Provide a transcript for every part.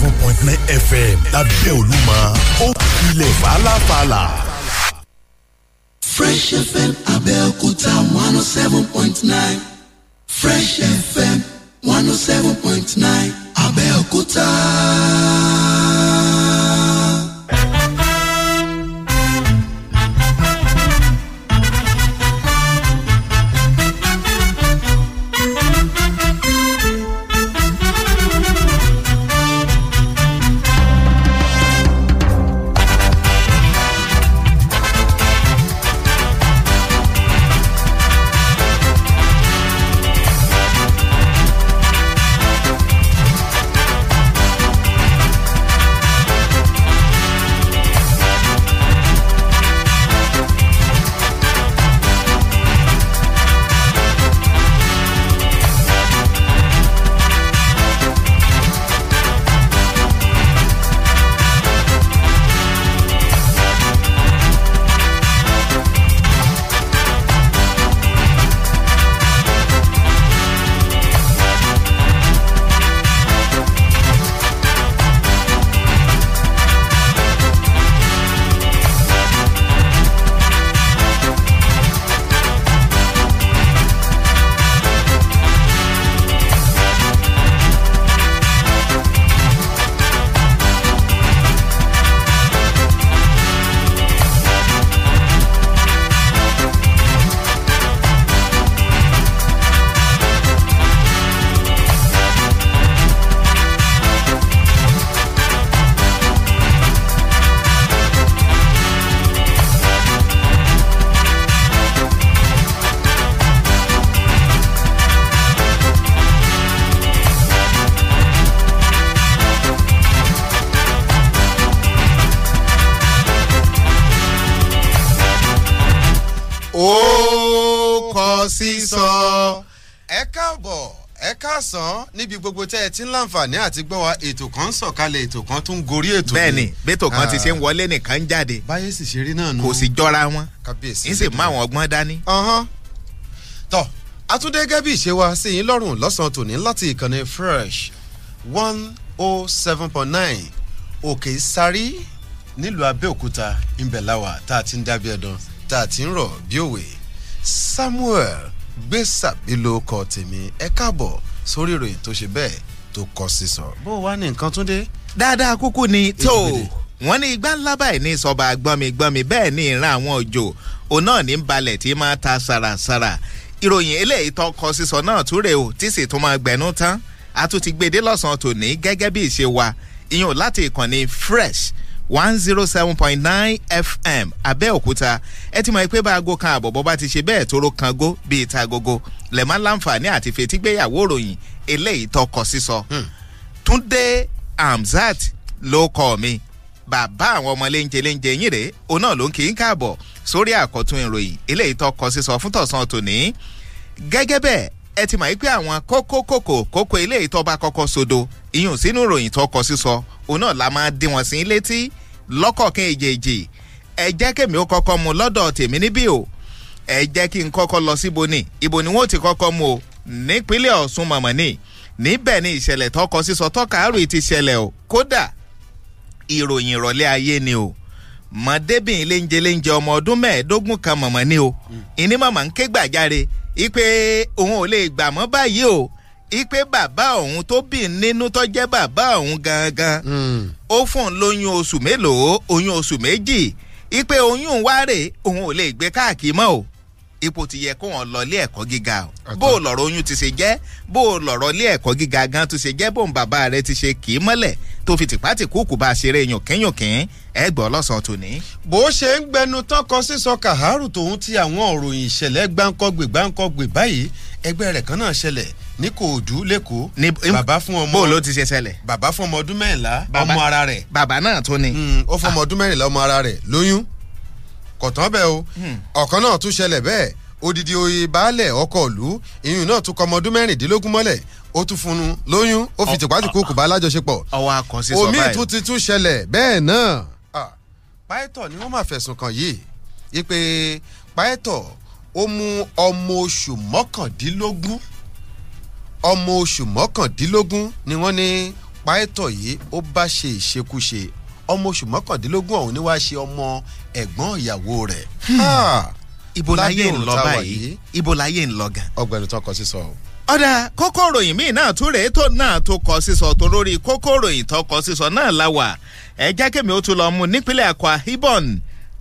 seven point nine fm lábẹ́ olúmọ ó ilẹ̀ fàlàfàlà. fresh fm abẹ́òkúta one oh seven point nine fresh fm one oh seven point nine abẹ́òkúta. níbi gbogbo tẹ́ ẹ ti ń láǹfààní àti gbọ́ wa ètò kan ń sọ̀kalẹ̀ ètò kan tún gorí ètò. bẹ́ẹ̀ni bẹtò kan ti ah. ṣe ń wọlé nìkan ń jáde. báyé sì ṣe rí náà nù. kò sì jọra wọn n sì mú àwọn ọgbọ́n dání. tọ́ àtúndé gẹ́bí ṣe wá sí yín lọ́rùn lọ́sàn-án tòní láti ìkànnì fresh one oh seven point nine òkè sáré nílùú abẹ́òkúta ńbẹ̀láwà tá a ti ń dábìí ẹ̀dán tá a ti ń rọ̀ bí òwe samuel gbèsàbí kọ tèmi ẹ káàbọ̀ sórí ìròyìn tó ṣe bẹ́ẹ̀ tó kọ sísọ. bó o wá ní nǹkan tún dé. dáadáa kúkú ni tó wọ́n ní igbá ńlá báyìí ní sọba gbọmigbọmi bẹ́ẹ̀ ní ìran àwọn òjò òun náà ní balẹ̀ tí máa ta sàràsàrà ìròyìn eléyìí tó kọ sísọ náà túrè o tí sì tún máa gbẹ̀nú tán a tún ti gbèdé lọ́sàn-án tòní gẹ́gẹ́ bí ìṣe wa ìyún láti ìkànnì fresh one zero seven point nine fm abẹ́òkúta ẹ ti mọ̀ pé bá aago kan àbọ̀bọ̀ bá ti ṣe bẹ́ẹ̀ tóró kan gó bíi ta gogo lẹ̀ máa láǹfààní àti fetígbéyàwó ròyìn eléyìí tọkọ sísọ. Hmm. túndé amzat ló kọ́ mi bàbá àwọn ọmọ léńjẹ léńjẹ yín rèé òun náà ló ń kí n káàbọ̀ sórí àkọ́tún ìròyìn eléyìí tọkọ sísọ fún tọ̀sán tòní. gẹ́gẹ́ bẹ́ẹ̀ ẹ ti mọ̀ yí pé àwọn kókó kòkó kókó ilé ìtọ́ba kọ́kọ́ sodo ìyún sínú ìròyìn tó kọ sísọ òun náà la máa dín wọn sí létí lọ́kọ̀ọ̀kan èjèèjì ẹ jẹ́ kèmí ó kọ́kọ́ mu lọ́dọ̀ tèmi níbí o ẹ jẹ́ kí n kọ́kọ́ lọ síbo ni ibo ni wọ́n ti kọ́kọ́ mu o nípínlẹ̀ ọ̀sùn mọ̀mọ́ ni níbẹ̀ ni ìṣẹ̀lẹ̀ tó kọ sísọ tọ́kàárò ti ṣẹlẹ̀ o kódà ìròyìn ìrọ̀lẹ́ ayé ni o mọ̀débìn léńjeléńje ọmọ ọdún mẹ́ẹ̀ẹ́dógún kan mọ̀mọ́ ni o hmm. ìní mọ̀mọ́ ń ké gbàjáre ipe òun ò lè gbà mọ́ báyìí o ipe bàbá òun tó bí nínú tó jẹ́ bàbá òun gangan hmm. ó fún un lóyún oṣù mélòó oyún oṣù méjì ipe oyún wa rè òun ò lè gbé káàkiri mọ́ o. Mm ipò ti yẹ kó wọn lọ ilé ẹ̀kọ́ gíga o bó o lọ̀rọ̀ oyún ti ṣe jẹ́ bó o lọ̀rọ̀ ilé ẹ̀kọ́ gíga gan ti ṣe jẹ́ bó o bàbá rẹ ti ṣe kì í mọ́lẹ̀ tó fi tìpátì kúùkù bá a ṣeré yànkínyànkín ẹgbẹ́ ọlọ́sàn tòní. bó ṣe ń gbẹnu tán kọ sísọ kàhárù tòun ti àwọn òròyìn ìṣẹ̀lẹ̀ gbáǹkọ́gbè gbáǹkọ́gbè báyìí ẹgbẹ́ rẹ̀ kan náà ṣẹlẹ̀ ní kòòdú lẹ́kọ̀ọ́ bàbá fún ọmọ bó ló ti ṣe ṣẹlẹ̀ bàbá fún ọmọ ọdún mẹ́rìnlá ọmọ ara rẹ̀ bàbá náà tó ni. Hmm, ó fún ọmọ ọdún mẹ́rìnlá ọmọ ara rẹ̀ lóyún kọ̀tán bẹ́ẹ̀ o hmm. ọ̀kan náà tún ṣẹlẹ̀ bẹ́ẹ̀ odidi oyè baálẹ̀ ọkọ̀ ìlú ìyún náà tún kọmọ ọdún mẹ́rìndínlógún mọ́lẹ̀ ó tún fún un lóyún ó fi tìpátìkú kò bá alájọṣepọ̀ omi tún ti tún ṣẹlẹ̀ bẹ́ẹ̀ náà páẹ́tọ̀ ni wọ́n máa fẹ̀sùn kàn yìí ipe páẹ́tọ̀ ó mú ọmọ oṣù mọ́kàndínlógún ọmọ oṣù mọ́kàndínlógún ni wọ́n ní páẹ́tọ̀ yìí ó bá ṣe ìṣekúṣe ọmọ oṣù mọ́kàndínlógún ọ̀hún ni wàá ṣe ọmọ ẹ̀gbọ́n ìyàwó rẹ̀. Hmm. ibo láyé ń lọ báyìí ibo láyé ń lọ gan. ọ̀gbẹ́ni tó kọ sísọ o ọ̀dà kókó ròyìn míì náà tún rèé tó náà tó kọ sísọ tó lórí kókó ròyìn tó kọ sísọ náà la wà ẹ jẹ́ kémi ó tún lọ mú nípínlẹ̀ Akwa Ibom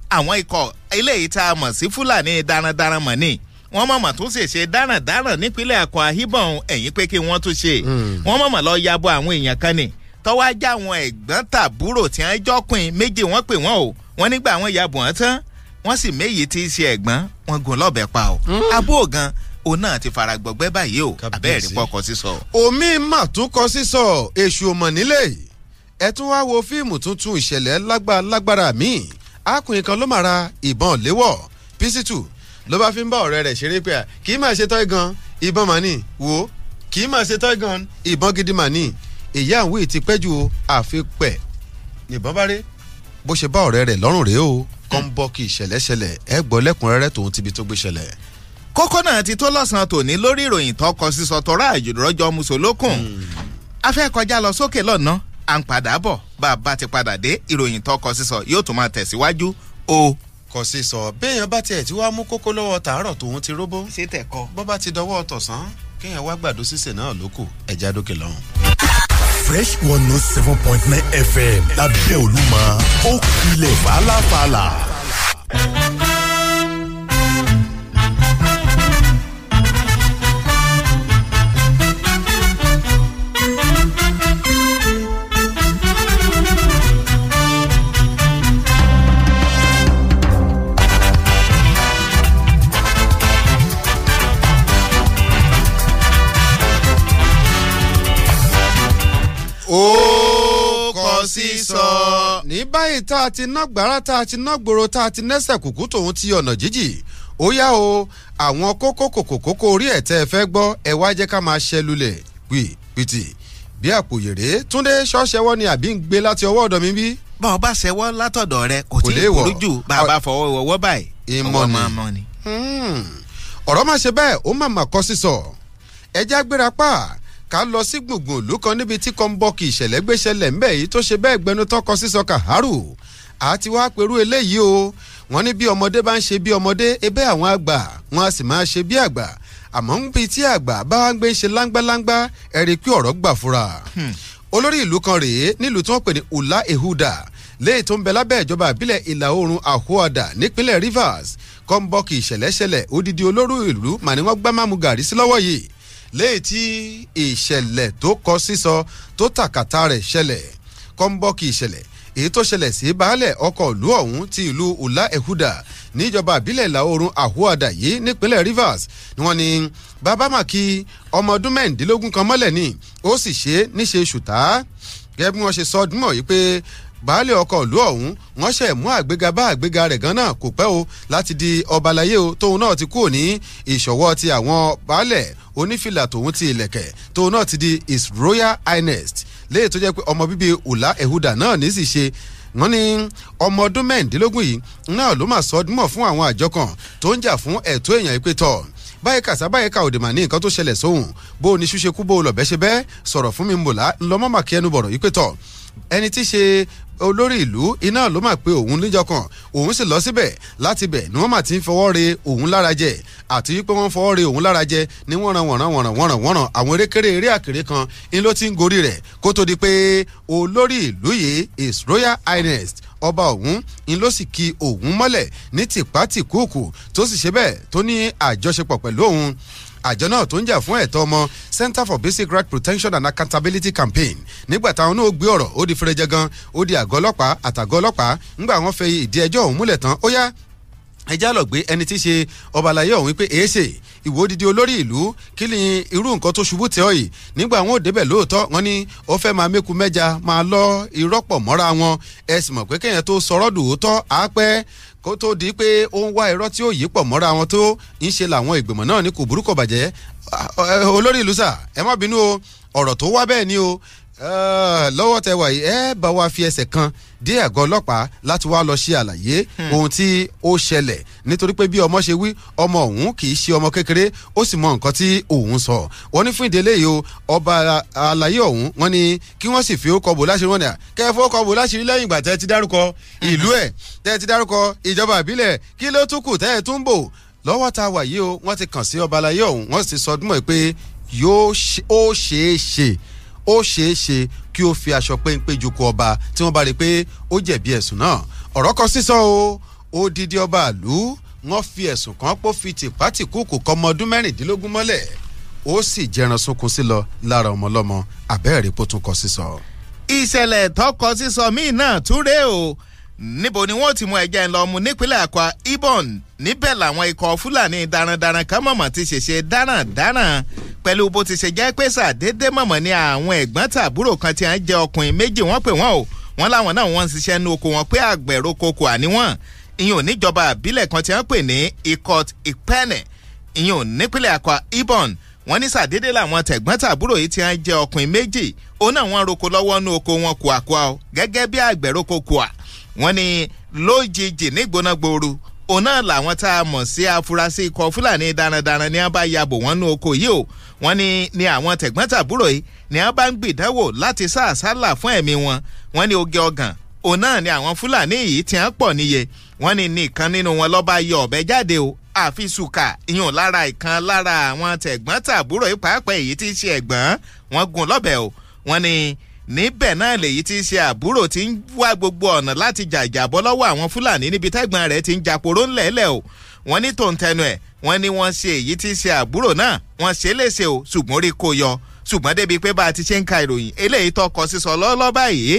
àwọn ikọ̀ eléyìí tá a mọ̀ sí Fúlàní darandaran mọ̀ ni wọ́n mọ̀mọ̀ tún ṣe ṣe darandaran nípínlẹ̀ Akwa Ibom ẹ̀yìn pé kí wọ́n tún ṣe hmm. wọ́n mọ̀mọ̀ lọ yabo àwọn èèyàn kan ni tọ́wọ́ ajá àwọn ẹ̀gbọ́n tàbúrò tí wọ́n jọ́kùn méje wọ́n pè wọ́n o wọ́n nígbà wọn ya bùn ọ́n tán wọ́n sì méyì tí í ṣe ẹ̀gbọ́n wọn gùn lọ́bẹ pa o hmm. abó gan òun náà ti fara gbọgbẹ́ báyìí o abẹ́ẹ̀rí pọkọ sísọ. omi mà tún kọ sísọ èṣù ọmọ nílé ẹ tún wá wo fíìmù tuntun ìṣẹ̀lẹ̀ lágbára míì akùnrin kan ló máa ra ìbọn léwọ̀ písítù ló bá fi ń bá ọ̀rẹ́ rẹ̀ ṣeré pé kì í máa ṣe tọ́ gan ìbọn mà wò kì í máa ṣe tọ́ gan ìbọn gidi mà èyí à ń wí ti pẹ́jù o àfipẹ́ nìbọn bá rí bó ṣe bá ọ̀rẹ́ rẹ̀ lọ́rùn rèé o kọ́ ń bọ́ kí ìṣẹ̀lẹ̀ ṣẹlẹ̀ ẹ gbọ́ lẹ́kùnrẹ́rẹ́ tòun tibi tó gbé ṣẹlẹ̀. kókó náà ti tó lọ́sàn-án tòní lórí ìròyìn tọkọ sísọ tọrọ àjòrọ́jọ mùsùlùkùn hmm. a fẹ́ kọjá lọ sókè lọ́nà à ń padà bọ̀ bá a bá ti padà dé ìròyìn tọkọ sísọ yóò tún máa tẹ̀síwájú o. kò sí sọ béèyàn bá tiẹ̀ tí wàá mú kókó lọ́wọ́ tàárọ̀ tòun ti róbó. ṣé tẹ̀ kọ. bó bá ti dọwọ́ tọ̀sán kéèyàn wá gbàdo náà lókù ẹ̀já dókè lọ́hùn. Fresh one note oh seven point nine FM lábẹ́ Olúmọ ó kulẹ̀ fàlàfàlà. báyìí tá a ti ná gbàrà tá a ti ná gbòòrò tá a ti nẹ́sẹ̀ kùkú tòun ti ọ̀nà jíjì ó yá o àwọn kókó kòkòkókó orí ẹ̀ tẹ́ ẹ fẹ́ gbọ́ ẹ wá jẹ́ ká máa ṣẹ́ lulẹ̀ pì pìtì bí àpò yèrè túndé ṣọ́ṣẹ́wọ́ ni àbí ń gbé láti ọwọ́ ọ̀dọ̀ mi bí. bá ọ bá ṣẹwọ́ látọ̀dọ̀ rẹ kò tí ì burú jù bá fọwọ́ ìwọ́wọ́ báyìí. ìmọ̀ ni hmm. ọ̀rọ̀ má ṣe bẹ́ẹ̀ ó má má kọ́ sísọ ẹ̀já gbéra pa ká lọ sí gbùngbùn ìlú kan níbi tí kọ́ńbọ́ọ̀kì ìṣẹ̀lẹ̀ gbéṣẹlẹ̀ ńbẹ̀ yìí tó ṣe bẹ́ẹ̀ gbẹnu tọkọ sísọ kàhárù àti wàá pẹ̀rú eléyìí o wọ́n ní bí ọmọdé bá ń ṣe bí ọmọdé ebẹ́ àwọn àgbà wọn a sì máa ṣe bí àgbà àmọ́ ń bi tí àgbà bá wá ń gbé ṣe láńgbáláńgbá ẹ̀rí pé ọ̀rọ̀ gbà fúra hmm. olórí ìlú kan rèé nílùú tí wọ́n pè ní ula ehuda léyìí tó ń bẹ lábẹ́ ìjọba ìbílẹ̀ ìlà oòrùn àhóadà nípínlẹ̀ rivers kọ́ńbọ́ọ̀kì ìṣẹ̀lẹ̀ṣẹlẹ̀ odidi olórí ìlú mà ní wọ́n gbá mámú gàrí sí lọ́wọ́ yìí léyìí tí ìṣẹ̀lẹ̀ tó kọ sísọ tó tàkàtà rẹ̀ ṣẹlẹ̀ kọ́ńbọ́ọ̀kì ìṣẹ̀lẹ̀ èyí tó ṣẹlẹ̀ sí baálẹ̀ ọkọ̀ ìlú ọ̀hún ti ìlú ula ehuda níjọba àbílẹ̀ ìlà oòrùn àhúàdà yìí nípínlẹ̀ rivers ni wọ́n ní bàbá màkì ọmọ ọdún mẹ́rìndínlógún kan mọ́lẹ̀ ni ó sì ṣe é níṣe ṣùtá gẹ́gẹ́ bí wọ́n ṣe sọ ọdún mọ̀ yìí pé baálé ọkọ̀ ìlú ọ̀hún wọ́n ṣẹ̀ mú àgbéga bá àgbéga rẹ̀ gan náà kò pẹ́ o láti di ọba láyé o tóun náà ti kúrò ní ìṣọ̀wọ́ ti àwọn baálẹ̀ onífìlà tòun ti ìlẹ̀kẹ̀ tóun náà ti di his royal highness léyìí tó jẹ́ pé ọmọ bíbí ọ̀la ẹ̀húdà náà ní sì ṣe wọ́n ní ọmọ ọdún mẹ́ẹ̀ẹ́dínlógún yìí náà ló mà sọ ọdúnmọ̀ fún àwọn àjọ kan tó ń jà fún ẹ̀tọ́ èèyàn ìpè tọ̀ báyìí kàṣà báyìí ka òdìmọ̀ ní nǹkan tó ṣẹlẹ̀ sóhun bó o ní ṣúṣe kú bó o lọ́bẹ̀ ṣe bẹ́ẹ̀ sọ̀rọ̀ fún mi mọ̀lá ńlọmọ́mà kí ẹnu bọ̀rọ̀ yìí tọ̀ ẹni tí ṣe olórí ìlú iná ló mà pé òun níjọ kan òun sì lọ síbẹ̀ láti bẹ̀ ni wọ́n mà ti ń fọwọ́ re òun lára jẹ àti wípé wọ́n fọwọ́ re òun lára jẹ ní wọ́nran wọ̀nran wọ̀nran wọ̀nran wọ̀nran àwọn erékeré eré àkèré kan ni ló ti ń gorí rẹ̀ kó tó di pé olórí ìlú yìí is royal highness ọba ọ̀hún ń ló sì ki òun mọ́lẹ̀ ní tìpátìkúùkù tó sì ṣe bẹ́ẹ̀ tó ní àjọṣepọ̀ pẹ̀lú òun àjọ náà tó ń jà fún ẹ̀tọ́ ọmọ Center for Basic Right Protection and Accountability Campaign nígbà táwọn náà gbé ọ̀rọ̀ ó di fẹrẹjẹ gan ó di àgọ́ ọlọ́pàá àtàgọ́ ọlọ́pàá ńgbà wọ́n fẹ́ ìdí ẹjọ́ ọ̀hún múlẹ̀ tán ó yá ẹjá lọ gbé ẹni tí í ṣe ọba àlàyé ọ̀hún pé èéṣe ìwò odidi olórí ìlú kí ni irú nǹkan tó ṣubú tẹ́ ọ yìí nígbà wọn ò débẹ̀ lóòótọ́ wọn ni ó fẹ́ máa méku mẹ́ja máa lọ irọ́pọ̀ mọ́ra wọn ẹ sì mọ̀ pé kéèyàn tó sọ̀rọ̀ dòótọ́ àápẹ́ kó tó di pé ó ń wá irọ́ tí ó yí pọ̀ mọ́ra wọn tó ń ṣe làwọn ìgbìmọ̀ náà ní kò burúkọ bàjẹ́ olórí ìlú sà ẹ má bínú o ọ̀rọ̀ tó wá bẹ́ẹ̀ ni o Eh, lọ́wọ́ tẹ wà yìí ẹ bá wa fi ẹsẹ̀ kan dé àgọ́ ọlọ́pàá láti wá lọ ṣe àlàyé hmm. ohun tí ó ṣẹlẹ̀ nítorí pé bí ọmọ ṣe wí ọmọ òun kì í ṣe ọmọ kékeré ó sì mọ nǹkan tí òun sọ wọ́n ní fún ìdílé yìí o ọba àlàyé ọ̀hún wọ́n ní kí wọ́n sì fi ó kọbò láṣìírí wọn ni à kẹ́ ẹ fọ́ kọbò láṣìírí lẹ́yìn ìgbà tẹ́ ẹ ti dárúkọ ìlú ẹ̀ tẹ́ ẹ ti dárúkọ ìjọba ìbílẹ̀ kí ló tún kù tẹ́ ẹ tún bò lọ́wọ́ tá wà yìí o wọ́n ti kàn sí ọba àlàyé ọ̀hún wọ́n sì sọdúnmọ̀ pé yóò ó ṣeé ṣe ó ṣeé ṣe kí ó fi aṣọ péńpé jukọ ọba tí wọ́n bá rí i pé ó jẹ̀bi ẹ̀sùn náà ọ̀rọ̀ kan sísọ o odidi ọba àlú wọ́n fi ẹ̀sùn kan pò fi tìpátìkúùkù kọ́ ọmọ ọdún mẹ́rìndínlógún mọ́lẹ̀ ó sì jẹran sunkún sí lọ lára ọmọlọ́mọ abẹ́rẹ́ pò tún kọ sísọ. ìṣẹ̀lẹ̀ tọkọ sísọ míì náà túré o níbo ni wọ́n ti mú ẹja ẹ̀ lọ mu nípínlẹ̀ Akwa Ibom níbẹ̀ làwọn ikọ̀ Fúlàní darandaran kan mọ̀mọ́ ti ṣẹ̀ṣẹ̀ darandaran pẹ̀lú bó ti ṣe jẹ́ pé sàdédé mọ̀mọ́ ni àwọn ẹ̀gbọ́n tàbúrò kan ti ń jẹ ọkùnrin méjì wọ́n pè wọ́n o wọ́n láwọn náà wọ́n ń ṣiṣẹ́ ní oko wọn pé àgbẹ̀rò koko àníwọ̀n ìyẹn níjọba àbílẹ̀ kan ti ń pè ní Ikot Ipene ìyẹn ò nípínlẹ̀ Akwa Ibom wọ́n ní sàdédé làwọn tẹ̀gbọ́n tàbúrò yìí ti ń jẹ ọkùnrin méjì òun náà wọ́n roko lọ́wọ́ ní oko wọn kùàkùà o gẹ́gẹ́ bí àgbẹ̀rò koko à wọ́n ní lójijì nígbóná gbooru òun náà làwọn tá a mọ̀ sí afurasí ikọ̀ fúlàní darandaran ni a bá ya bò wọ́n nú oko yìí o wọ́n ní ni àwọn tẹ̀gbọ́n-tàbúrò yìí ni a bá ń gbìdánwò láti sá àsálà fún ẹ̀mí wọn wọ́n ní oge ọ̀gàn òun náà ni àwọn fúlàní yìí ti hàn pọ̀ níye wọ́n ni nìkan nínú wọn lọ́ba yọ ọ̀bẹ jáde o àfi sùkà ìyún lára ìkan lára àwọn tẹ̀gbọ́n-tàbúrò yìí pàápàá èyí tí ṣe ẹ̀gbọ́n wọn gún lọ́bẹ̀ o wọ́n ní níbẹ̀ náà lèyí tí í ṣe àbúrò tí ń wá gbogbo ọ̀nà láti jàjàbọ́ lọ́wọ́ àwọn fúlàní níbi tẹ́gbọ́n rẹ̀ ti ń japoró ńlẹ̀ẹ́lẹ̀ o wọ́n ní tòǹtẹnu ẹ̀ wọ́n ní wọ́n ṣe èyí tí í ṣe àbúrò náà wọ́n ṣe é léṣe o ṣùgbọ́n orí kò yọ ṣùgbọ́n débi pé bá a ti ṣe ń ka ìròyìn eléyìí tọkọ sísọ lọ́lọ́ báyìí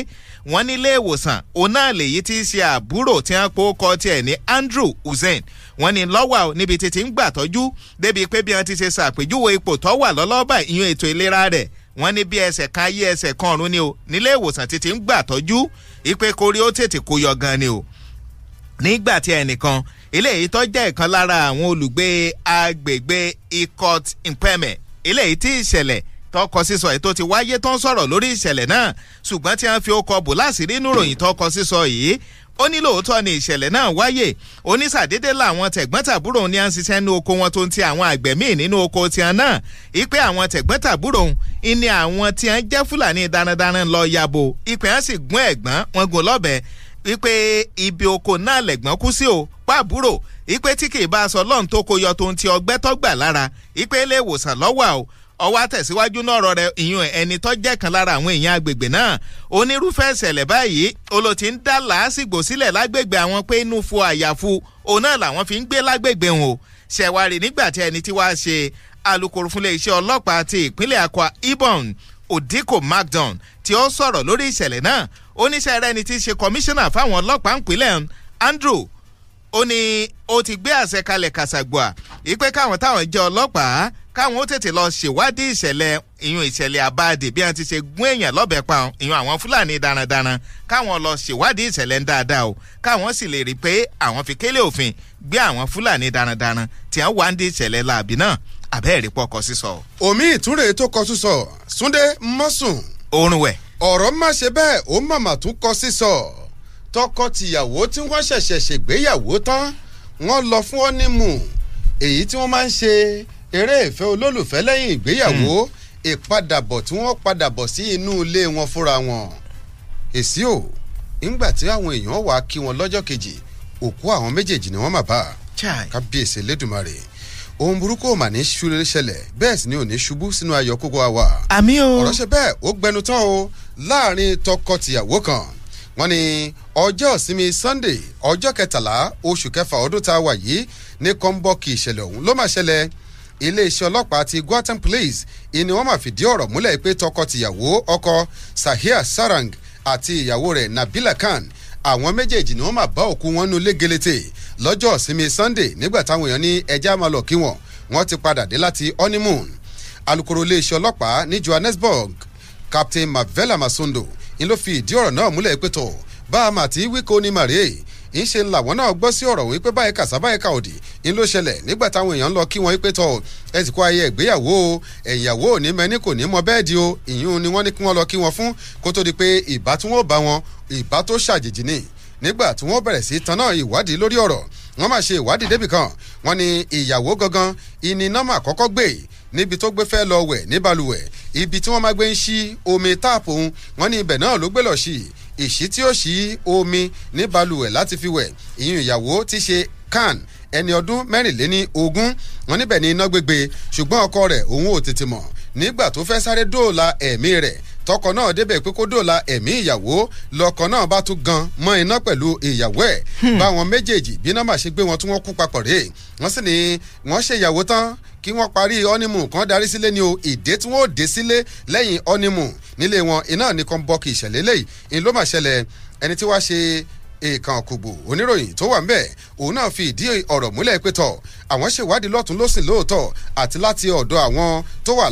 wọ́n nílé ìwòsàn òun náà lèyí tí ṣe àbúrò tí wọ́n po kọ tiẹ̀ ní Andrew Hussein wọ́n ní lọ́wọ́ o níbi títí ń gbàtọ́jú débi pé bí wọ́n ti ṣe ṣàpèjúwe ipò tó wà lọ́lọ́ báyìí ìyún ètò ìlera rẹ̀ wọ́n ní bí ẹsẹ̀ kan ayé ẹsẹ̀ kan ọ̀run ni o nílé ìwòsàn títí ń gbà tọ́jú ìpè korí ó tètè kó yọ gan ni o nígbà tí ẹnìkan eléyìí tó jẹ́ ìkan lára àwọn olùgbé agbègbè ikot impeme eléyìí tí ìṣẹ̀lẹ̀ tọkọ sísọ yìí tó ti wáyé tó ń sọ̀rọ̀ lórí ìṣẹ̀lẹ̀ náà ṣùgbọ́n tí wọ́n fi ó kọ bò láṣìírí nínú ìròyìn tọkọ sísọ yìí ó ní lóòótọ́ ni ìṣẹ̀lẹ̀ náà wáyè oníṣàdédé làwọn tẹ̀gbọ́n-tàbúrò ní à ń ṣiṣẹ́ ní oko wọn tó ń ti àwọn àgbẹ̀ míì nínú oko tiẹ̀ náà ìpè àwọn tẹ̀gbọ́n ìní àwọn tí wọ́n jẹ́ fúlàní darandaran lọ yabo ìpè hàn sì gún ẹ̀gbọ́n wọn gún lọ́bẹ wípé ibi oko náà lẹ̀gbọ́n kú sí o pàbúrò wípé tí kì í bá aṣọ lọ́n tó kó yọ tó ń ti ọgbẹ́ tọ́gbà lára wípé ilé ìwòsàn lọ́wọ́ o ọwọ́ àtẹ̀síwájú náà rọrẹ̀ ìyún ẹni tó jẹ́ kan lára àwọn èèyàn agbègbè náà onírúfẹ́ ìṣẹ̀lẹ̀ báyìí olóòtí ń dá làásìgbò sílẹ̀ lágbègbè àwọn pé inú fo àyàfu òun náà làwọn fi ń gbé lágbègbè wọn o ṣẹ̀wárì nígbà tí ẹni tí wàá ṣe alūkkóró fúnlẹ̀ iṣẹ́ ọlọ́pàá ti ìpínlẹ̀ Akwa ibon, Odiko Macdon tí ó sọ̀rọ̀ lórí ìṣẹ̀lẹ̀ náà oníṣẹ́ rẹ̀ ni ti ṣe kọmíṣánná fáwọn ọlọ́pàá ìpínlẹ̀ Andrew ó ní ó ti gbé àṣẹ kalẹ̀ kàṣàgbà ìpè káwọn táwọn jẹ́ ọlọ́pàá káwọn ó tètè lọ ṣèwádìí ìṣẹ̀lẹ̀ ìyún ìṣẹ̀lẹ̀ àbáàdì bí wọ́n ti ṣe gún èèyàn lọ́bẹ̀ pa ìyún àwọn fúlàní darandaran káwọn lọ ṣèwádìí ìṣẹ̀lẹ̀ ń dáadáa o káwọn sì lè rí i pé àwọn fi kélé òfin gbé àwọn fúlàní darandaran tí wọ́n wá ń di ìṣẹ̀lẹ̀ láàbì náà abẹ́ẹ̀rí pọ̀ kọ sísọ. omi ìtúre tó kọ sísọ Súndé mọ́sùn. oorun wẹ̀. ọ̀rọ̀ má ṣe bẹ́ẹ̀ ó màmá tún kọ sísọ tọkọ-tìyàwó tí wọ́n ṣẹ̀ṣẹ̀ ṣègbéyàwó tán wọ́n lọ fún ọ́nímù èyí tí wọ́n máa ń ṣe eré ìfẹ́ olólùfẹ́ lẹ́yìn ìgbéyàwó hmm. ìpadàbọ̀ tí wọ́n padàbọ̀ sí inú ilé wọn fúnra wọn èsì o ńgbà tí àwọn èèyàn wà kí wọn lọ́jọ́ kejì òkú àwọn méjèèjì ni wọ́n mà bá kábíyèsí lẹ́dùnmarè ohun burúkú ò mà ní ṣẹlẹ̀ bẹ́ẹ̀ sì ni ò ní ṣubú sínú ayọ̀ kókó wa. àmì o ọ̀rọ̀ ṣe bẹ́ẹ̀ ó gbẹnu tán o láàrin tọkọ-tìyàwó kan wọ́n ní ọjọ́ ìsinmi sunday ọjọ́ kẹtàlá oṣù kẹfà ọdún tá a wà yìí ní kọ́ńbọ́ọ̀kì ìṣẹ̀lẹ̀ ọ̀hún ló máa ṣẹlẹ̀ iléeṣẹ́ ọlọ́pàá ti Gautam Police ìní wọ́n máa fìdí ọ̀rọ̀ múlẹ̀ pé tọkọ-tìyàwó ọkọ Sahia Sarang àti ìyàwó rẹ̀ Nabila Khan àwọn méjèèjì ni wọ́n máa bá òkú wọn nu légelete lọ́jọ́ ìsinmi sunday nígbà táwọn èèyàn ní ẹja máa lọ kí wọn wọn ti padà dé láti honeymoon alūkkóró iléeṣẹ́ ọlọ́pàá ní johannesburg captain mavela masondo ń ló fi ìdí ọ̀rọ̀ náà múlẹ̀ pé tọ̀ bá a mà ti wíkọ ní màrè ń ṣe ń làwọn náà gbọ́ sí ọ̀rọ̀ wípé báyìí kàṣà báyìí kà òdì ń ló ṣẹlẹ̀ nígbà táwọn èèyàn ń lọ kí wọ́n pé tọ̀ ẹ sì kó ayé ìgbéyàwó o ẹ̀yàwó ò mẹ́ni kò ní mọ bẹ́ẹ̀dì o ìyún ni wọ́n ní kí wọ́n lọ kí wọ́n fún kó tó di pé ìbá tí wọ́n bá wọn ìbá tó ṣàjèjì nìyí nígbà tí wọ́n bẹ̀rẹ̀ sí tanná ìwádìí lórí ọ̀rọ̀ wọ́n máa ṣe ìwádìí débì kan wọ́n ní ìyàwó gangan ìní nọ́mà àkọ́kọ́ gbé níbi tó gbé fẹ́ lọ wẹ̀ ní balùwẹ̀ ibi tí wọ́n máa gbé ń ṣí omi táàpù òun wọ́n ní ibẹ̀ náà ló gbé lọ sí ìṣí tí ó ṣí omi ní láti fi wẹ̀ ìyún ìyàwó ti ṣe can ẹni ọdún mẹ́rìnléní ogún wọn níbẹ̀ ní iná gbégbé ṣùgbọ́n ọkọ rẹ̀ òun ò tètè mọ̀ nígbà tó fẹ́ sáré dóòlà ẹ̀mí rẹ̀ tọkọ náà débẹ̀ pé kó dòla ẹ̀mí ìyàwó lọkọ náà bá tún gan mọ́ iná pẹ̀lú ìyàwó ẹ̀ hmm. báwọn méjèèjì bí náà mà ṣe gbé wọn tí wọ́n kú papọ̀ rèé wọ́n sì ní wọ́n ṣe ìyàwó tán kí wọ́n parí ọ́nímù kan darí sílé ni o ìdé tí wọ́n ò dé sílé lẹ́yìn ọ́nímù nílé wọn iná nìkan bọ́ kì í ṣẹlẹ̀ lẹ́yìn ìlú mà ẹni tí wàá ṣe ìkan kùgbù oníròyìn tó wà ń bẹ̀ òun náà fi ìdí ọ̀rọ̀ múlẹ̀ pé tọ̀ àwọn ṣèwádìí lọ́tún lọ́sìn lóòótọ́ àti láti ọ̀dọ̀ àwọn tó wà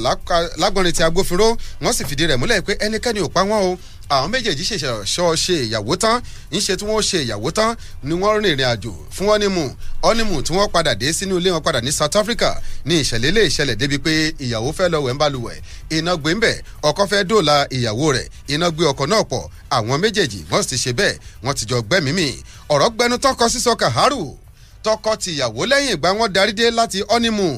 lágbọ́nrin ti agbófinró wọ́n sì fìdí rẹ̀ múlẹ̀ pé ẹnikẹ́ni ò pa wọ́n o àwọn méjèèjì ṣẹ̀ṣẹ̀ ṣọ́ ṣe ìyàwó tán ńṣe tí wọ́n ṣe ìyàwó tán ni wọ́n rìn ìrìn àjò fún ọ́nímù ọ́nímù tí wọ́n padà dé sínú ilé wọn padà ní South Africa ní ìṣẹ̀lẹ̀ ilé ìṣẹ̀lẹ̀ débi pé ìyàwó fẹ́ lọ wẹ̀ ń balùwẹ̀ iná gbé ń bẹ̀ ọkọ fẹ́ dóòlà ìyàwó rẹ̀ iná gbé ọkọ náà pọ̀ àwọn méjèèjì wọ́n sì ti ṣe bẹ́ẹ̀ wọ́n ti jọ gbẹ́mìí ọ̀rọ̀ gbẹnu tọkọ sísọ kàhárù tọkọ tìyàwó lẹ́yìn ìgbà wọn darí dé láti ọ́nímù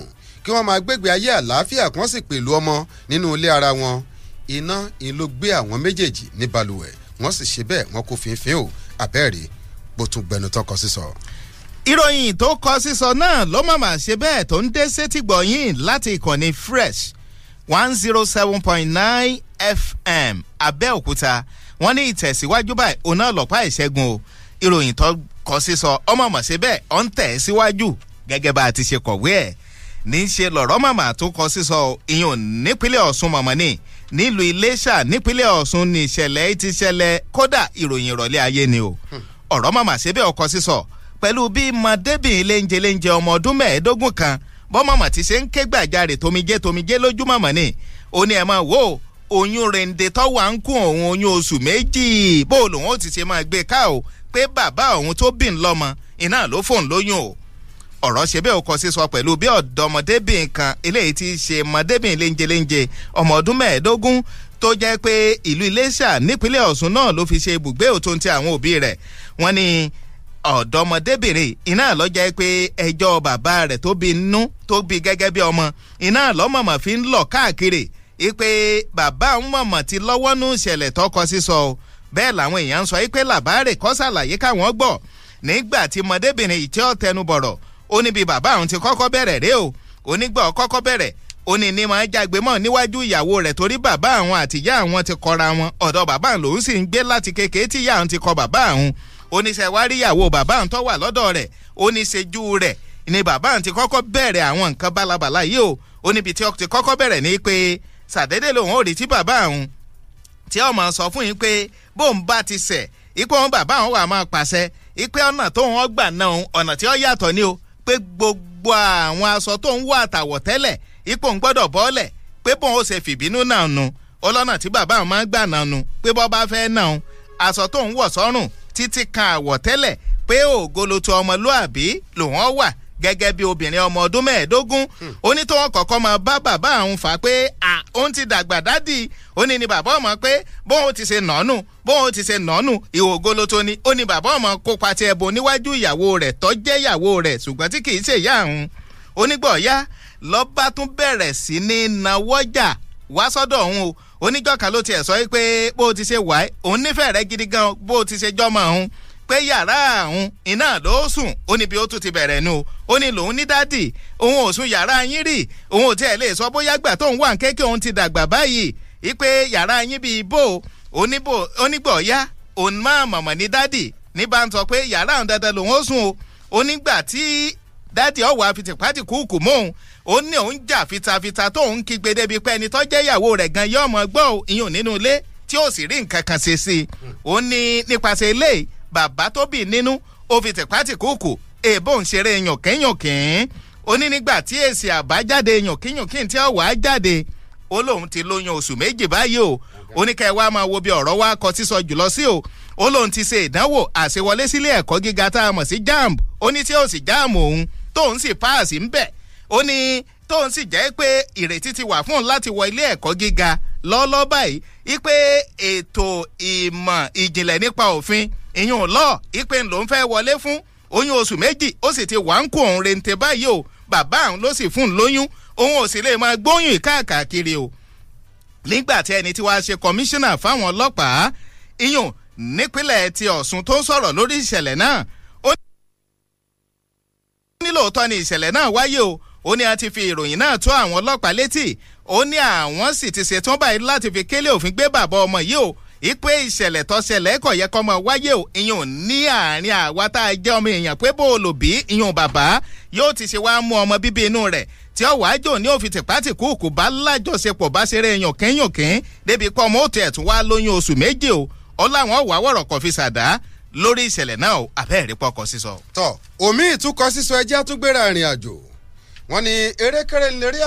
kí wọn iná in ló gbé àwọn méjèèjì ní balùwẹ̀ wọ́n sì ṣe bẹ́ẹ̀ wọ́n kò fínfín o àbẹ́rẹ́ bó tún gbẹnu tọkọ sísọ. ìròyìn tó kọ sísọ náà ló mọ̀mọ́ ṣe bẹ́ẹ̀ tó ń dé sétí gbọ̀yìn láti ìkànnì fresh one zero oh seven point nine fm abẹ́òkúta wọ́n ní ìtẹ̀síwájú báyìí òun náà lọ́pàá ìṣẹ́gun o ìròyìn tó kọ sísọ ọmọọmọ ṣe bẹ́ẹ̀ ọ̀ ń tẹ̀ síwájú gẹ́gẹ́ bá a ti ṣe kọ̀wé ẹ̀ níṣe lọ̀rọ̀ màmá tó sísọ ìyọ̀n nípínlẹ̀ ọ̀ṣun mọ̀mọ́ ni nílùú Iléṣà nípínlẹ̀ Ọ̀ṣun ní ìṣẹ̀lẹ̀ ti ṣẹlẹ̀ kódà ìròyìn ìrọ̀lẹ́ ayé ni o hmm. ọ̀rọ̀ màmá ṣe bẹ́ẹ̀ ọkọ sísọ pẹ̀lú bí mọ̀débìnrin léńjẹ léńjẹ ọmọ ọdún mẹ́ẹ̀ẹ́dógún kan bọ́ màmá ti ṣe ń ké gbàjarè tomijé tomijé lójú màmá ni ó ní ẹ̀ máa wò ó oyún rèǹde tọ́wọ́ à ń kún òun oyún oṣù méjì bó lòun ó ti ṣe máa gbé ká o pé bàbá òun tó bí ń lọ́mọ iná ọ̀rọ̀ ṣe bẹ́ẹ̀ ọkọ̀ sísọ pẹ̀lú bí ọ̀dọ́mọdébìnrin kan eléyìí ti ṣe mọdébìnrin léńjeléńje ọmọ ọdún mẹ́ẹ̀ẹ́dógún tó jẹ́ pé ìlú Iléṣà nípínlẹ̀ Ọ̀ṣun náà ló fi ṣe ibùgbé òtún ti àwọn òbí rẹ̀ wọ́n ní ọ̀dọ́mọdébìnrin iná ló jẹ́ pé ẹjọ́ bàbá rẹ̀ tó bí nú tó bí gẹ́gẹ́ bí ọmọ iná lọ́mọ̀mọ̀ fi ń lọ káàkiri ipe bàbá ń mọ̀mọ̀ ti lọ́wọ́ nú ìṣẹ̀lẹ̀ tọkọ sísọ o bẹ́ẹ̀ làwọn èèyàn ń sọ ipe làbárè kọ́ ṣàlàyé káwọn gbọ́ nígbà tí mọdébìnrin ìtí ọ̀tẹnubọ̀rọ̀ ó níbi bàbá àwọn ti kọ́kọ́ bẹ̀rẹ̀ rèé o onígbà kọ́kọ́ bẹ̀rẹ̀ ó ní ní máa jágbe mọ́ níwájú ìyàwó rẹ̀ torí bàbá àwọn àtìyá àwọn ti kọra wọn ọ̀dọ̀ bàbá àwọn lòún sì ń gbé láti kékeré tí ìyá àwọn ti kọ bàbá àwọn oníṣẹ́wárí ìyàwó bàbá àwọn tó wà lọ́dọ̀ rẹ̀ oníṣẹ́jú rẹ̀ ni bàbá àwọn ti kọ́kọ́ bẹ̀rẹ̀ àwọn nǹkan bálabàla yìí o ó níbi tí ó ti kọ́kọ́ bẹ̀rẹ̀ ní pé sàdédé lòun ò rí tí bàbá àwọn tí ọmọ sọ fún yín pé bóun bá ti ṣẹ̀ ipò òun bàbá àwọn wà máa pàṣẹ ipò ọ̀nà tóun ọgbà náà ọ̀nà tí ó yàtọ̀ ni o pé gbogbo àwọn aṣọ tó ń wọ àtàwọ̀ tẹ́lẹ̀ ipò ń gbọ́dọ̀ bọ́ọ̀lẹ̀ pé bọ́n ó ṣe fìbínú náà nu ọlọ́nà tí bàbá àwọn máa ń gbà náà nu pé bọ́ bá fẹ́ náà aṣọ tó ń wọ̀ sọ́rùn títí kan àwọ̀ tẹ́lẹ̀ pé ògo lo tu ọmọlúàbí lòun wà gẹ́gẹ́ bí obìnrin ọmọ ọdún mẹ́ẹ̀ẹ́dógún hmm. ó ní tó wọn kọ̀ọ̀kan máa bá bàbá àwọn fà pé òun ti dàgbà dádì ó ni bàbá ọmọ pé bóun ti ṣe nàánú bóun ti ṣe nàánú ìwò ògolo tó ní ó ní bàbá ọmọ kópa ti ẹbọ níwájú ìyàwó rẹ̀ tó jẹ́ ìyàwó rẹ̀ ṣùgbọ́n tí kì í ṣe ìyá àwọn onígbọ̀ọ́yá lọ́ba tún bẹ̀rẹ̀ sí ní nawọ́jà wá sọ́dọ̀ òun o oníjọ́ka ló tiẹ̀ sọ pé bó ti ṣe wáyé òun nífẹ̀ẹ́ rẹ gidi gan bó ti ṣe jọ́mọ̀ òun pé yàrá àrùn iná ló sùn ó níbi ó tún ti bẹ̀rẹ̀ nu ó ní lòun ní dádì òun ò sùn yàrá yín rì òun ò tiẹ̀ lè sọ bóyá gbà tóun wà kéèké òun ti dàgbà báyìí ipe yàrá yín bíi bò onígbọ̀ọ́yá òun máa mọ̀mọ́ ní dádì ní bá ń sọ pé yàrá àwọn dandan lòun ó sùn o onígbà tí dáàdì ọ̀wọ́ àfitìpátì kúùkù mọ́ òun ó ní òun jà fitafita tó ń kígbe débi pé ẹni tó ìyàwó rẹ̀ gan yọ ọmọ gbọ́ ìyún nínú ilé tí ó sì rí nǹkan kan ṣe sí i ó ní nípasẹ̀ eléyìí bàbá tó bí nínú ó fi tìpátìkúùkù èèbò ń ṣeré yànkínyànkín ó ní nígbà tí èsì àbájáde yànkínyànkín tí ó wà á jáde ó lóun ti lóyún oṣù méjì báyìí o ó ní ká wá máa wo bí ọ̀rọ̀ wa kọ sísọ jùlọ sí o ó lóun ti ṣe ìdánwò àṣewọlé sílé ẹ̀kọ́ gíga tá a mọ̀ sí jamb ó ní tí ó sì jamb òun tóun sì páàsì ń bẹ̀ ó ní tóun sì jẹ́ pé ìrètí ti wà fún láti wọ ilé ẹ̀kọ́ gíga lọ́ọ́lọ́ báyìí wípé ètò ìmọ̀ ìjìnlẹ̀ nípa òfin ìyún lọ ipe ló ń fẹ́ wọlé fún oyún oṣù méjì ó sì ti wà ń kó òun rente báyìí o bàbá àwọn ló sì fún un lóyún òun ò sì lè máa gbóyún ìkáàkiri o nígbà tí ẹni tí wàá ṣe kọmíṣánná fáwọn ọlọ́pàá ìyún nípínlẹ̀ ti Ọ̀ṣun tó ń sọ̀rọ̀ lórí ìṣẹ̀lẹ̀ náà ó ní lóòótọ́ ni ìṣẹ̀lẹ̀ náà wáyé o ó ní a ti fi ìròyìn náà tó àwọn ọlọ́pàá létí ó ní àwọn sì ti ṣetán báyìí láti fi kélé òfin gbé bàbá ọmọ yìí o ìpè ìṣẹ̀lẹ̀ tọ́ṣẹlẹ̀ kò yẹ kó máa wáyé o ìyẹn ní àárín àwa tá a jẹ́ ọmọ èèyàn pé bó o lò bí ìyẹn bàbá yóò ti ṣe wáá mú ọmọ bíbí inú rẹ̀ tí ó wàá jò ní òfin tìpátìkú kò bá lájọṣepọ̀ bá ṣeré yànkínyànkín débi pé ọmọ òtí ẹ̀tún wá lóyún oṣù méje o ó láwọn wàá wọ̀rọ̀ kọ̀ fi ṣàdá lórí ìṣẹ̀lẹ̀ náà o àbẹ́ẹ̀rí pọkọ sísọ. tọ omi ìtúkọ sísọ ẹjẹ àtúgbéra ìrìn àjò wọn ni erékeré lérí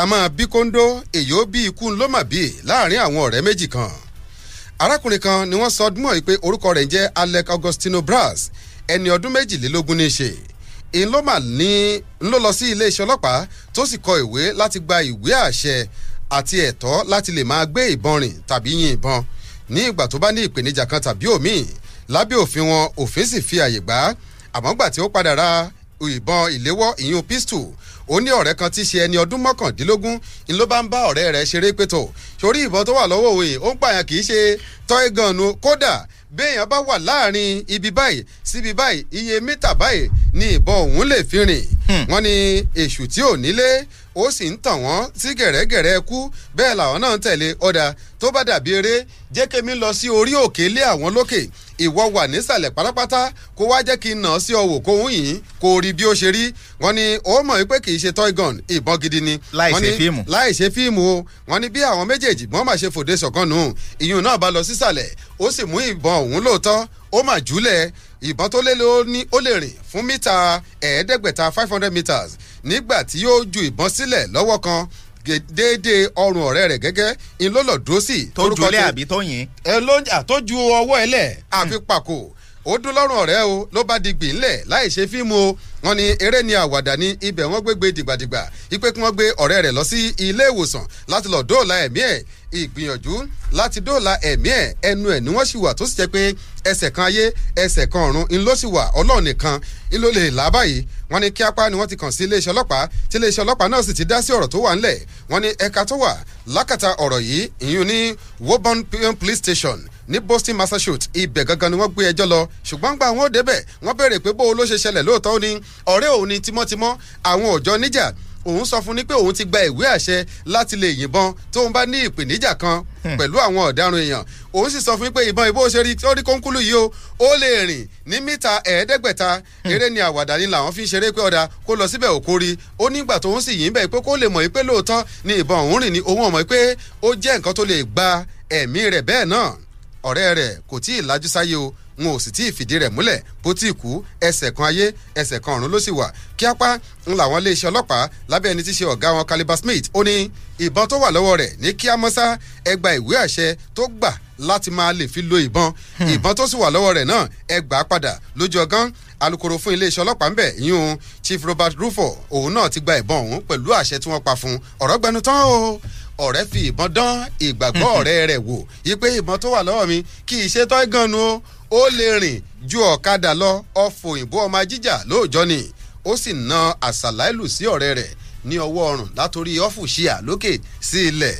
àmọ́ bí kóńdó èyí ó bí ikú ló mà bí láàrin àwọn ọ̀rẹ́ méjì kan arákùnrin kan ni wọ́n sọ ọdún mọ̀ pé orúkọ rẹ̀ ń jẹ́ alec augustino Braz ẹni ọdún méjìlélógún ní í ṣe ńlọ́mà ní ńlọ lọ sí iléeṣẹ́ ọlọ́pàá tó sì kọ ìwé láti gba ìwé àṣẹ àti ẹ̀tọ́ láti lè máa gbé ìbọn rìn tàbí yin ìbọn ní ìgbà tó bá ní ìpèníjà kan tàbí òmíì lábẹ́ òfin wọn òfin sì fi àyè gbà àmọ́ gbà tí ó padà ra ìbọn ìléwọ́ ìyún pistol ó ní ọ̀rẹ́ kan tí ṣe ẹni ọdún mọ́kàndínlógún ni ló bá ń bá ọ̀rẹ́ rẹ̀ ṣeré pé tó sórí ìbọn tó wà lọ́wọ́ òwe ó ń pààyàn kì í ṣe toy gun o kódà béèyàn bá wà láàrin ibi báyìí síbi báyìí iye mítà báyìí ni ìbọn òun lè fi rìn hmm. wọ́n ní èṣù tí ò nílé ó sì ń tàn wọ́n sí gẹ̀rẹ́gẹ̀rẹ́ kú bẹ́ẹ̀ làwọn náà ń tẹ̀lé ọ̀dà tó bá dàbí eré jẹ́ kí mi lọ sí orí òkè lé àwọn lókè ìwọ wà nísàlẹ̀ pátápátá kó wá jẹ́ kí n nà á sí ọwọ́ kó ń yìn kó rí bí ó ṣe rí wọ́n ní ó mọ̀ wípé kì í ṣe toy gun ìbọn gidi ni. láì ṣe fíìmù o wọ́n ní bí àwọn méjèèjì wọ́n máa ṣe fòde ṣọ̀kan nù ìyún náà bá lọ sísàlẹ̀ ó sì mú ìbọn òun lóòótọ́ ó mà jùlẹ̀ ìbọn tó lé ló ní ó lè rìn fún mítà ẹ̀ẹ́dẹ́gbẹ̀ta five hundred meters nígbà tí yóò ju ìbọn sílẹ̀ lọ́wọ́ kan déédéé ọrùn ọ̀rẹ́ rẹ̀ gẹ́gẹ́ ń ló lọ dúró sí. tó ju ilé àbí tó yìn. ẹ ló tó ju ọwọ́ ẹ lẹ̀ hmm. àfi pàkó ó dún lọ́rùn ọ̀rẹ́ o ló bá di gbìn lẹ̀ láì ṣe fíìmù o wọ́n ní eré ni àwàdà ní ibẹ̀ wọ́n gbégbé dìgbàdìgbà ipe kí wọ́n gbé ọ̀rẹ́ rẹ̀ lọ sí ilé ìwòsàn láti lọ dóòlà ẹ̀mí ẹ̀ ìgbìyànjú láti dóòlà ẹ̀mí ẹ̀ ẹnu ẹ̀ ni wọ́n sì wà tó sì jẹ́ pé ẹsẹ̀ kan ayé ẹsẹ̀ kan ọ̀run ń ló sì wà ọlọ́run nìkan ń ló lè là báyìí wọ́n ní kíápá ni wọ́n ti kàn sí iléeṣẹ́ ọlọ́pàá tí iléeṣẹ́ ọlọ́pàá náà sì ti dá sí ọ̀rọ̀ tó wà ńlẹ̀ wọ́n ní ẹ̀ka tó wà lákàtà ọ̀rọ̀ yìí ìyún ní woburn police station ní boston massachusetts ibẹ̀ gangan ni wọ́n gbé ẹjọ́ lọ ṣùgbọ́n gbà wọ́n débẹ̀ wọ́n béèrè pé bó o ló ṣe ṣẹlẹ̀ lóòótọ́ ó ní ọ̀rẹ́ òun ni tímọ́tímọ́ àwọn ọ̀jọ́ níjà òun sọ fún ni pé òun ti gba ìwé àṣẹ láti lè yìnbọn tóun bá ní ìpèníjà kan hmm. pẹ̀lú àwọn ọ̀daràn èèyàn òun sì sọ fún mi pé ìbọn ìbò ṣe rí orí kónkúlù yìí o ó lè rìn ní mítà ẹ̀ẹ́dẹ́gbẹ̀ta hmm. eré ni àwàdà ni làwọn fi ń ṣeré pé ọ̀dà kó lọ síbẹ̀ òkú rí ó nígbà tóun sì yìn bẹ́ẹ̀ pé kó lè mọ̀ pé lóòótọ́ ni ìbọn òun rìn ni òun ọ̀mọ̀ pé ó jẹ́ nǹkan tó lè gba ẹ̀mí rẹ̀ bẹ́ẹ̀ náà ọ̀rẹ́ rẹ̀ kò tí ì sáyé o n ò sì tí ì fìdí rẹ̀ múlẹ̀ bó tí ì kú ẹsẹ̀ kan ayé ẹsẹ̀ kan ọ̀run ló sì wà kíápá ń làwọn iléeṣẹ́ ọlọ́pàá lábẹ́ ẹni tí í ṣe ọ̀gá wọn Caliber Smith ó ní ìbọn tó wà lọ́wọ́ rẹ̀ ní kíá mọ́sá ẹ ìwé àṣẹ tó gbà láti máa lè fi lo ìbọn hmm. ìbọn tó sì wà lọ́wọ́ rẹ̀ náà ẹ á padà lójú ọgán alukoro fún iléeṣẹ́ ọlọ́pàá ń bẹ̀ yíyún Chief Robert Rufo òun náà ti gba ìbọn òun pẹ̀lú àṣẹ tí wọ́n pa fún ọ̀rọ̀ gbẹnu tán o ọ̀rẹ́ fi ìbọn dán ìgbàgbọ́ ọ̀rẹ́ rẹ̀ wò yí pé ìbọn tó wà lọ́wọ́ mi kì í ṣe tọ́ ganu o ó lè rìn ju ọ̀kadà lọ ọ̀fọ̀ òyìnbó ọmọ ajíjà lóòjọ́ ni ó sì na àṣàláìlù sí ọ̀rẹ́ rẹ̀ ní ọwọ́ ọrùn látòrí ọ́fùṣíà lókè sí ilẹ̀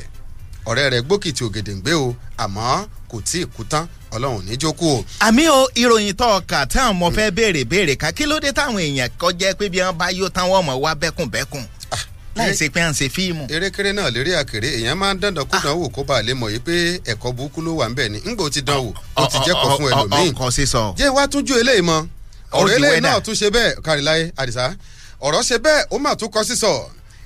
ọ̀rẹ́ rẹ̀ gbókìtì ògèdèǹgbé o àmọ́ kò tí ì kú tán ọlọ́run ní jókòó o. àmì o ìròyìn tó ọkà táwọn ọmọ fẹ́ béèrè béèrè ká kí ló dé táwọn èèyàn kọjá pé bí wọ́n bá yó táwọn ọmọ wa bẹ́kùnbẹ́kùn. Ah, láì ṣe pé à ń ṣe fíìmù. erékeré náà lérí àkèré èèyàn máa ń dandan kó dánwò kó bá a lè mọ̀ yìí pé ẹ̀kọ́ burúkú ló wà ń bẹ̀ ni ńgbò ti dánwò ó ti jẹ́kọ̀ fún ẹlòmíì. ọkàn sísọ. jẹ́ wá tún ju eléyìí mọ́ ọ̀rọ̀ eléyìí náà tún ṣe bẹ́ẹ̀ kárìláyé àdìsá ọ̀rọ̀ ṣe bẹ́ẹ̀ ó mà tún kọ sísọ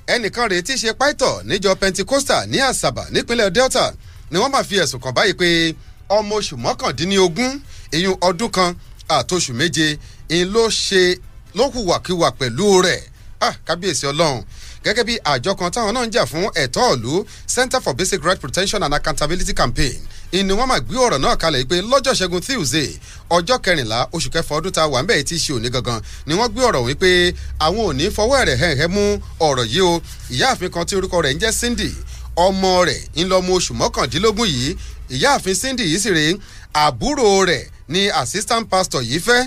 ẹnìkan rèé tí í ṣe pító níjọ Pentecostal ní Àsàbà nípínlẹ̀ Delta ni wọ́n máa fi ẹ̀sùn kàn báyìí pé ọmọ oṣù mọ́kàndínlógún ìyún ọdún kan àtòṣù ah kábíyèsí ọlọ́run gẹ́gẹ́ bí àjọ kan táwọn náà ń jà fún ẹ̀tọ́ ìlú Center for Basic Right Protection and Accountability Campaign ìní wọn máa gbé ọ̀rọ̀ náà kalẹ̀ pé lọ́jọ́ ṣẹ́gun Tuesday ọjọ́ kẹrìnlá oṣù kẹfà ọdún tá a wà ń bẹ̀ tí í ṣe òní gangan ni wọ́n gbé ọ̀rọ̀ wípé àwọn ò ní fọwọ́ ẹ̀rẹ̀ hẹ̀hẹ̀ mú ọ̀rọ̀ yìí o ìyáàfin kan tí orúkọ rẹ̀ ń jẹ́ Cindy ọmọ rẹ̀ ńlọmọ oṣù mọ́kàndínlógún yìí ìyáàfin Cindy yìí sì rèé àbúrò rẹ̀ ni assistant pastor yìí fẹ́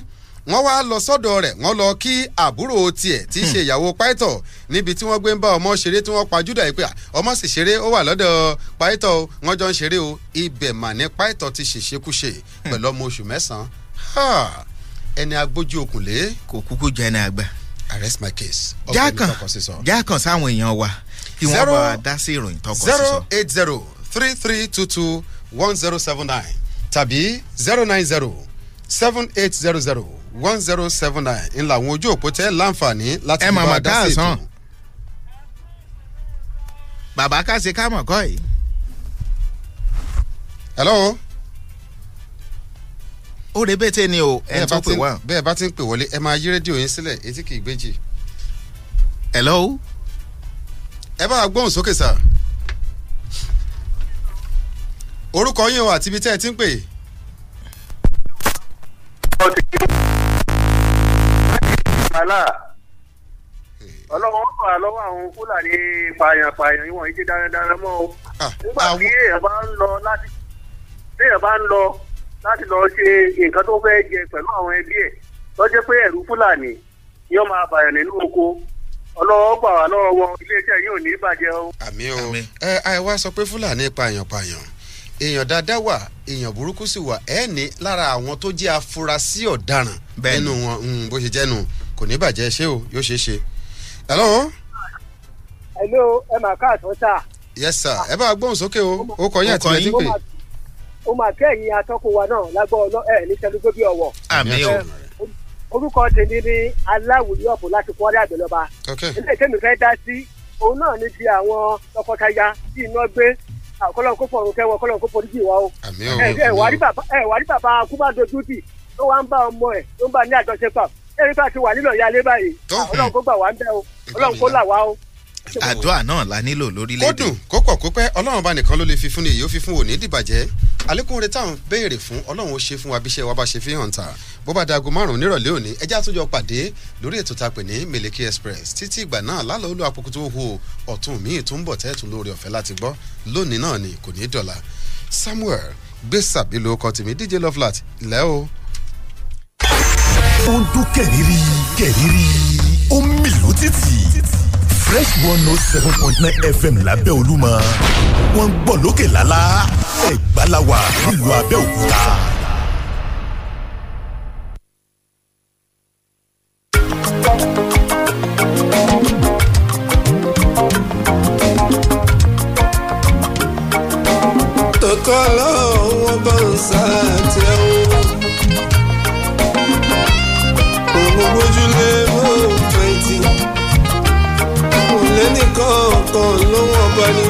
wọ́n wá lọ sọ́dọ̀ rẹ̀ wọ́n lọ kí àbúrò tiẹ̀ tí í ṣe hmm. ìyàwó pító níbi tí wọ́n gbé ń bá ọmọ ṣeré tí wọ́n pajúdà yìí pé ọmọ sì ṣeré ó wà lọ́dọ̀ pító wọ́n jọ ń ṣeré o ibẹ̀ mà ní pító ti ṣèṣekúṣe hmm. pẹ̀lú ọmọ oṣù mẹ́sàn-án ẹni agbójú òkùnlé. kò kúkú jẹ́ ẹni àgbà. arrest my case. jákàn jákàn sáwọn èèyàn wa kí wọ́n bá wa dá sí ìròyìn tọkọ sísọ. zero eight zero three three two two one zero seven nine tàbí zero nine zero seven eight zero zero one zero seven nine ńlá àwọn ojú òpó tẹ́ láǹfààní láti bá a dá sí ètò. bàbá káṣe ká mọ̀ kọ́ yìí. hello. ó rebete ni o ẹ tó pè wá. bẹ́ẹ̀ bá ti ń pè wọlé ẹ máa yí rédíò yín sílẹ̀ etí kì í gbéjì. hello. ẹ bá a gbóhùn sókè sá. orúkọ yín o àti ibi tẹ́ ẹ ti ń pè. wàhálà ọlọ́wọ́ fà lọ́wọ́ àwọn fúlàní pààyàn-pààyàn ìwọ̀n yìí ti dáradára mọ́ o ah, nígbà tí èèyàn bá ń lọ láti bá ń lọ láti lọ ṣe nǹkan tó fẹ́ jẹ pẹ̀lú àwọn ẹbí ẹ̀ lọ́jọ́ pé ẹ̀rú fúlàní yóò máa bàyàn nínú oko ọlọ́wọ́ o. àmì o ẹ sọ pé fúlàní pààyàn-pààyàn èèyàn dáadáa wà èèyàn burúkú sì wà ẹ lára àwọn tó afurasí ọ̀daràn nínú wọn hmm, bó kò ní bàjẹ́ ṣé o yóò ṣeé ṣe. hello. hello ẹ mà káàtó sá. yes sir ẹ bá gbóhùn sókè o ó kọ yín àti bẹ́ẹ̀ pé. o máa kẹ́ ẹ̀yin atọ́kùn wa náà lágbọ́ ọlọ́ ẹ̀ ní sẹ́dúgbò bí ọ̀wọ̀. àmì o. orúkọ tèmi ni aláwùjọ ọ̀pọ̀ láti kọ́ ọ́rẹ́ àgbẹ̀lọba. ilé ìtẹ́mi fẹ́ dá sí òun náà ní ti àwọn tọkọtaya tí iná gbé kọ́lọ́n kó fọ̀rùn kẹwọ́ kọ́lọ́n kó forí jì wá o. ẹ wà rí bàbá kúbà dojú dì tó wá ń bá ọmọ ẹ tó ń bá ní àjọṣepọ̀ ẹni bá ti wà nílò ìyá ilé báyìí hmm. ọlọ́run kó gbà wá ń bẹ́ o ọlọ́run kó là wá o. àdúrà náà la nílò lórílẹ̀‐èdè. ó dùn kó pọ̀ kó pẹ́ ọlọ́run bá nìkan ló lè fi fún ni èyí ó fi fún òní dìbàjẹ́ àlékún oore táwọn béèrè fún ọlọ́run ó ṣe fún wa bí iṣẹ́ wa bá ṣe fi hàn ta bó bá dago márùn-ún nírọ̀lẹ́ òní ẹjẹ́ àtúnjọ pàdé lórí ètò ta pè ní Miliki Express títí ìgbà náà lálọ́ olú àpòkù tó hu ọ̀tún míì tó ń bọ̀ tẹ́ẹ̀tún lórí ọ̀fẹ́ láti gbọ́ lónìí náà ni kò ní í dọ̀la Samuel gbèsàbí lóko tèmi DJ Lovelat lẹ́ o ó ń dún kẹ̀rìírí kẹ̀rìírí ó ń mì lótìtì fresh one note oh seven point nine fm lábẹ́ olúmọ wọ́n ń gbọ́ lókè lálá Ẹ̀gbá la wà nílùú Abẹ́òkúta. Tokolo wọn bá ń sá tẹ́wọ́. kọ̀ọ̀kan lọ́wọ́ ọba ni.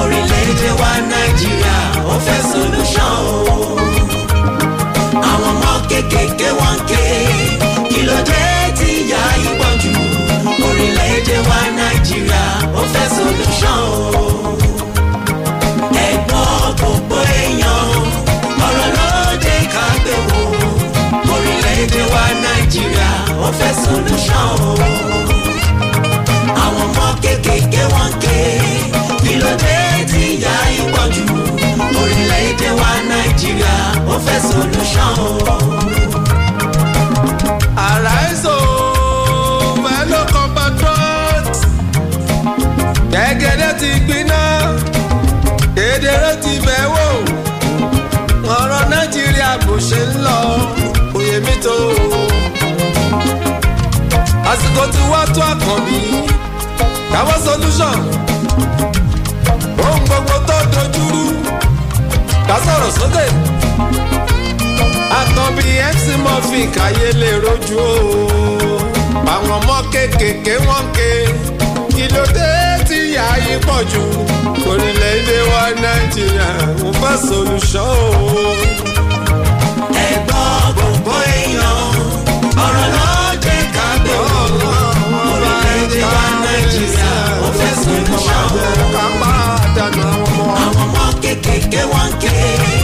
orílẹ̀-èdè wa nàìjíríà ó solution o. àwọn ọmọ kéékèèké wọn ké kí ló dé tí ìpọ́njú orílẹ̀-èdè wa nàìjíríà ó fẹ́ solution o. ẹ̀gbọ́n gbogbo èèyàn ọ̀rọ̀ ló dé ká gbé wò orílẹ̀-èdè wa nàìjíríà ó fẹ́ solution o. àwọn ọmọ kéékèèké wọn ké kí ló dé tí ìyà ìpọ́jù orílẹ̀-èdè wa nàìjíríà ó fẹ́ solution o. àlàyé sọ. àwọn solution ohun gbogbo tó dojúrú ká sọ̀rọ̀ sókè àtọ̀ bíi mc murphy káyé lè rojú o àwọn ọmọ kéékèèké wọ́n ké kí ló dé tí ìyá yìí pọ̀ jù orílẹ̀-èdè wa nàìjíríà ń fẹ́ solution o. dànù more, ọmọ. àwọn ọmọ kékèké wọn ké.